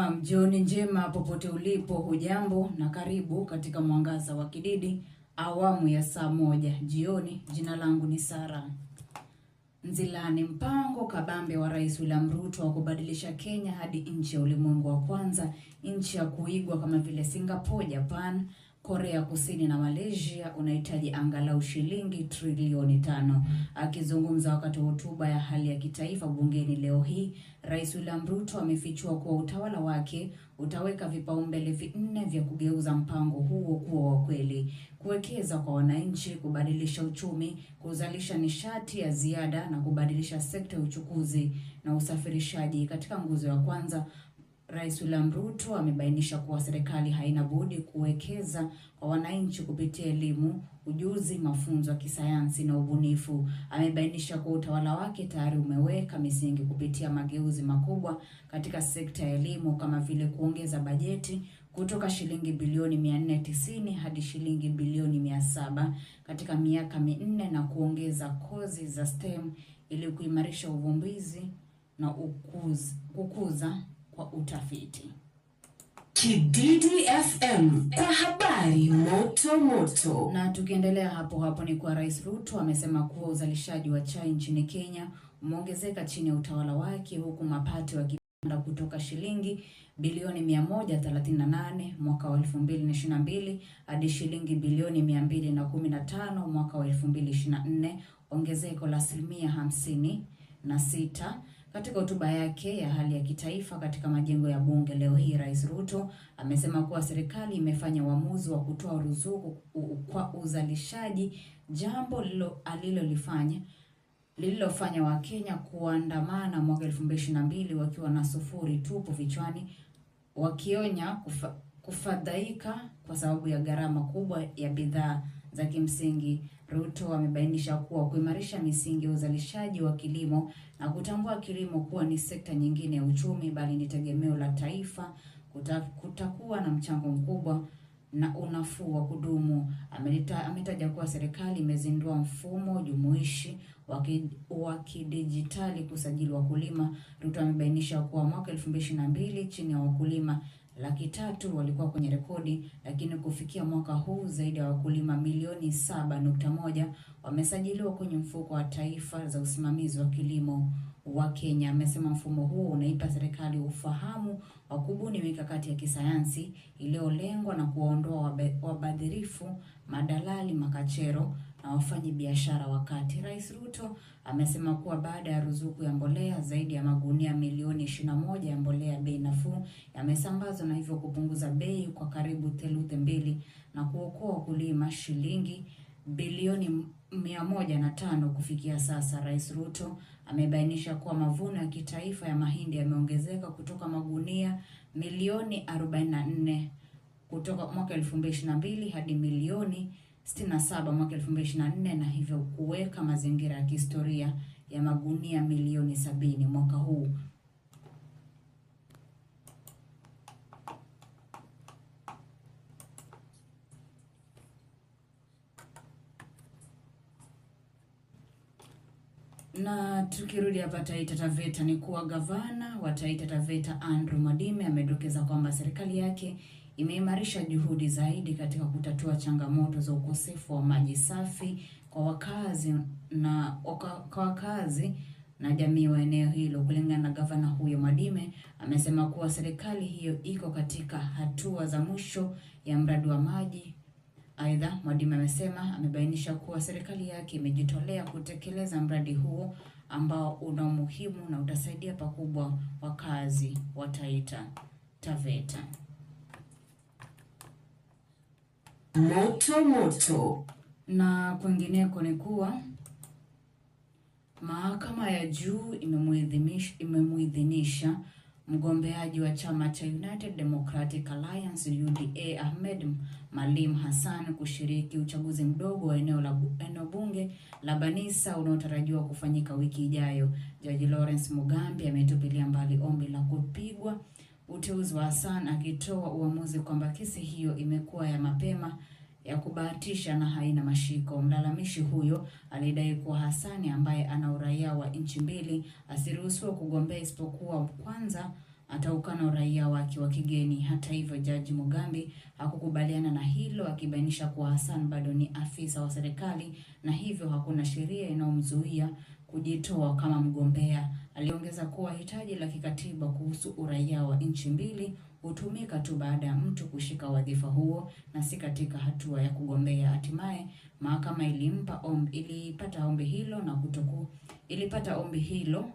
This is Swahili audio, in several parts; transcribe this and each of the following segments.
Naam, jioni njema popote ulipo, hujambo na karibu katika Mwangaza wa Kididi awamu ya saa moja jioni. Jina langu ni Sara Nzilani. Mpango kabambe wa Rais William Ruto wa kubadilisha Kenya hadi nchi ya ulimwengu wa kwanza, nchi ya kuigwa kama vile Singapore, Japan Korea Kusini na Malaysia unahitaji angalau shilingi trilioni tano. Akizungumza wakati wa hotuba ya hali ya kitaifa bungeni leo hii, Rais William Ruto amefichua kuwa utawala wake utaweka vipaumbele vinne vya kugeuza mpango huo kuwa wa kweli: kuwekeza kwa wananchi, kubadilisha uchumi, kuzalisha nishati ya ziada na kubadilisha sekta ya uchukuzi na usafirishaji katika nguzo ya kwanza Rais William Ruto amebainisha kuwa serikali haina budi kuwekeza kwa wananchi kupitia elimu, ujuzi, mafunzo ya kisayansi na ubunifu. Amebainisha kuwa utawala wake tayari umeweka misingi kupitia mageuzi makubwa katika sekta ya elimu kama vile kuongeza bajeti kutoka shilingi bilioni 490 hadi shilingi bilioni 700 katika miaka minne na kuongeza kozi za STEM ili kuimarisha uvumbuzi na kukuza kwa utafiti. Kididi FM kwa habari moto moto. Na tukiendelea hapo hapo ni kwa Rais Ruto amesema kuwa uzalishaji wa chai nchini Kenya umeongezeka chini ya utawala wake huku mapato yakipanda kutoka shilingi bilioni 138 mwaka wa 2022 hadi shilingi bilioni 215 mwaka wa 2024, ongezeko la asilimia hamsini katika hotuba yake ya hali ya kitaifa katika majengo ya bunge leo hii, Rais Ruto amesema kuwa serikali imefanya uamuzi wa kutoa ruzuku kwa uzalishaji, jambo alilolifanya lililofanya Wakenya kuandamana mwaka elfu mbili ishirini na mbili wakiwa na sufuri tupu vichwani, wakionya kufa, kufadhaika kwa sababu ya gharama kubwa ya bidhaa za kimsingi. Ruto amebainisha kuwa kuimarisha misingi ya uzalishaji wa kilimo na kutambua kilimo kuwa ni sekta nyingine ya uchumi bali ni tegemeo la taifa, kutakuwa na mchango mkubwa na unafuu wa kudumu. Ametaja kuwa serikali imezindua mfumo jumuishi wa kidijitali kusajili wakulima. Ruto amebainisha kuwa mwaka mbili chini ya wakulima laki tatu walikuwa kwenye rekodi, lakini kufikia mwaka huu zaidi ya wakulima milioni moja wamesajiliwa kwenye mfuko wa taifa za usimamizi wa kilimo wa Kenya. Amesema mfumo huo unaipa serikali ufahamu wa kubuni mikakati ya kisayansi iliyolengwa na kuwaondoa wabadhirifu, madalali, makachero na wafanyi biashara wakati Rais Ruto amesema kuwa baada ya ruzuku ya mbolea, zaidi ya magunia milioni 21 ya mbolea bei nafuu yamesambazwa na hivyo kupunguza bei kwa karibu theluthi mbili na kuokoa wakulima shilingi bilioni mia moja na tano kufikia sasa. Rais Ruto amebainisha kuwa mavuno ya kitaifa ya mahindi yameongezeka kutoka magunia milioni 44 kutoka mwaka 2022 hadi milioni 67 mwaka 2024 na hivyo kuweka mazingira ya kihistoria ya magunia milioni sabini mwaka huu. Na tukirudi hapa Taita Taveta, ni kuwa gavana wa Taita Taveta Andrew Mwadime amedokeza kwamba serikali yake imeimarisha juhudi zaidi katika kutatua changamoto za ukosefu wa maji safi kwa wakazi na oka, kwa wakazi na jamii wa eneo hilo. Kulingana na gavana huyo, Mwadime amesema kuwa serikali hiyo iko katika hatua za mwisho ya mradi wa maji Aidha, Mwadima amesema amebainisha kuwa serikali yake imejitolea kutekeleza mradi huo ambao una umuhimu na utasaidia pakubwa wakazi wa Taita Taveta. Moto moto. Na kwingineko ni kuwa mahakama ya juu imemuidhinisha Mgombeaji wa chama cha United Democratic Alliance UDA Ahmed Malim Hassan kushiriki uchaguzi mdogo wa eneo la eneo bunge la Banisa unaotarajiwa kufanyika wiki ijayo. Jaji Lawrence Mugambi ametupilia mbali ombi la kupigwa uteuzi wa Hassan akitoa uamuzi kwamba kesi hiyo imekuwa ya mapema ya kubahatisha na haina mashiko. Mlalamishi huyo alidai kuwa Hasani ambaye ana uraia wa nchi mbili asiruhusiwa kugombea isipokuwa kwanza ataukana uraia wake wa kigeni. Hata hivyo, Jaji Mugambi hakukubaliana na hilo, akibainisha kuwa hasani bado ni afisa wa serikali na hivyo hakuna sheria inayomzuia kujitoa kama mgombea. Aliongeza kuwa hitaji la kikatiba kuhusu uraia wa nchi mbili hutumika tu baada ya mtu kushika wadhifa huo na si katika hatua ya kugombea. Hatimaye mahakama ilimpa ombi, ilipata ombi hilo na kutoku, ilipata ombi hilo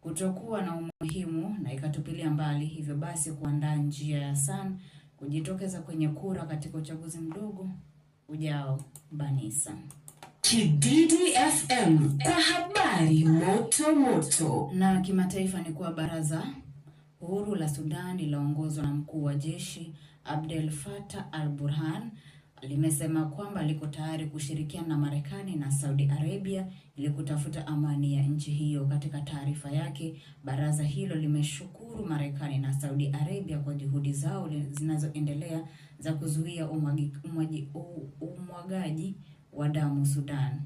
kutokuwa na umuhimu na ikatupilia mbali, hivyo basi kuandaa njia ya san kujitokeza kwenye kura katika uchaguzi mdogo ujao. Banisa Kididi FM habari moto moto na kimataifa ni kuwa baraza huru la sudan laongozwa na mkuu wa jeshi Abdel Fattah al-Burhan limesema kwamba liko tayari kushirikiana na Marekani na Saudi Arabia ili kutafuta amani ya nchi hiyo. Katika taarifa yake, baraza hilo limeshukuru Marekani na Saudi Arabia kwa juhudi zao zinazoendelea za kuzuia umwagaji wa damu Sudan.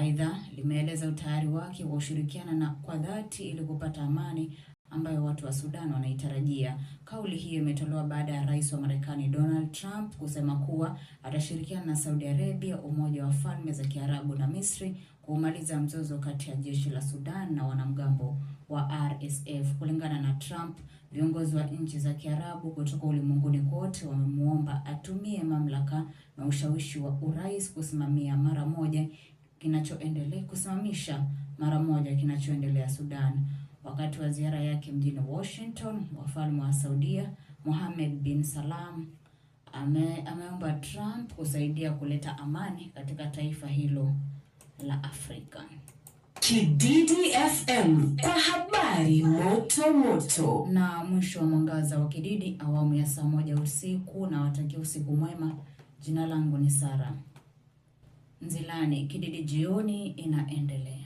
Aidha, limeeleza utayari wake wa ushirikiana na kwa dhati ili kupata amani ambayo watu wa Sudan wanaitarajia. Kauli hiyo imetolewa baada ya Rais wa Marekani Donald Trump kusema kuwa atashirikiana na Saudi Arabia, Umoja wa Falme za Kiarabu na Misri kumaliza mzozo kati ya jeshi la Sudan na wanamgambo wa RSF. Kulingana na Trump, viongozi wa nchi za Kiarabu kutoka ulimwenguni kote wamemwomba atumie mamlaka na ushawishi wa urais kusimamia mara moja kinachoendelea kusimamisha mara moja kinachoendelea Sudan. Wakati wa ziara yake mjini Washington, wafalme wa Saudia Mohammed bin Salam ame, ameomba Trump kusaidia kuleta amani katika taifa hilo la Afrika. Kididi FM kwa habari moto moto. Na mwisho wa mwangaza wa Kididi awamu ya saa moja usiku, na watakia usiku mwema. Jina langu ni Sara. Nzilani, Kididi Jioni inaendelea.